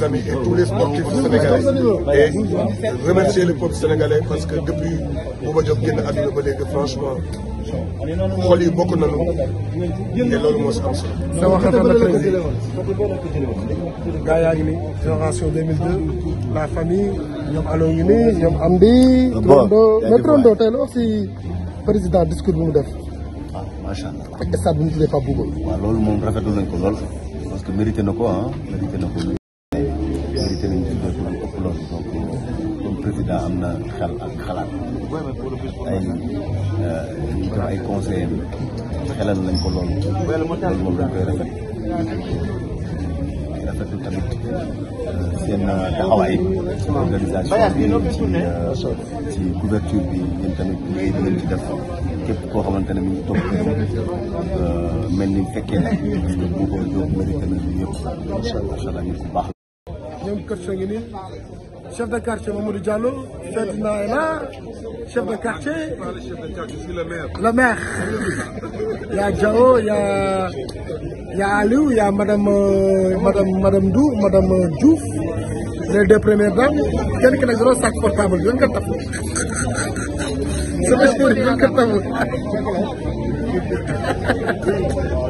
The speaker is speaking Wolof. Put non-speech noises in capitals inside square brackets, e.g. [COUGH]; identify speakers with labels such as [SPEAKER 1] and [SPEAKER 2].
[SPEAKER 1] les amis et tous les sportifs sénégalais et remercier le peuple sénégalais parce que depuis Bouba Diop génn àdduna ba léegi franchement xol yi bokk nañu te loolu moo si am génération 2002 la famille ñoom aloo ngi ambi ñoom am di. aussi président discours bi mu def. waaw ah, macha ne ak stade bi mu tuddee Pape Bouba. waaw nañ ko parce que mérité na ko hein? mérité na ko. ci lañ juddoo ci man ëpp loolu donc président am na xel ak xalaat ay euh, ñu jox ko loolu loolu moom lañ koy rafet rafetlu tamit euh, seen euh, taxawaay organisation bi ci couverture bi ñun tamit liggéey bi ngeen ci def képp koo xamante ne mi ngi topp mel ni fekkee na parce que ko baax ñoom kër sa ngi nii chef de quartier Mamadou Diallo Ferdinand est là chef de quartier. le maire. le maire. y a Diao y a y a Aliou y a madame madame madame Dou madame Diouf les deux premières dames kenn ki nag yoroo sac portable bi nga ko tafu. sama chéri bi nga ko tafu. [LAUGHS]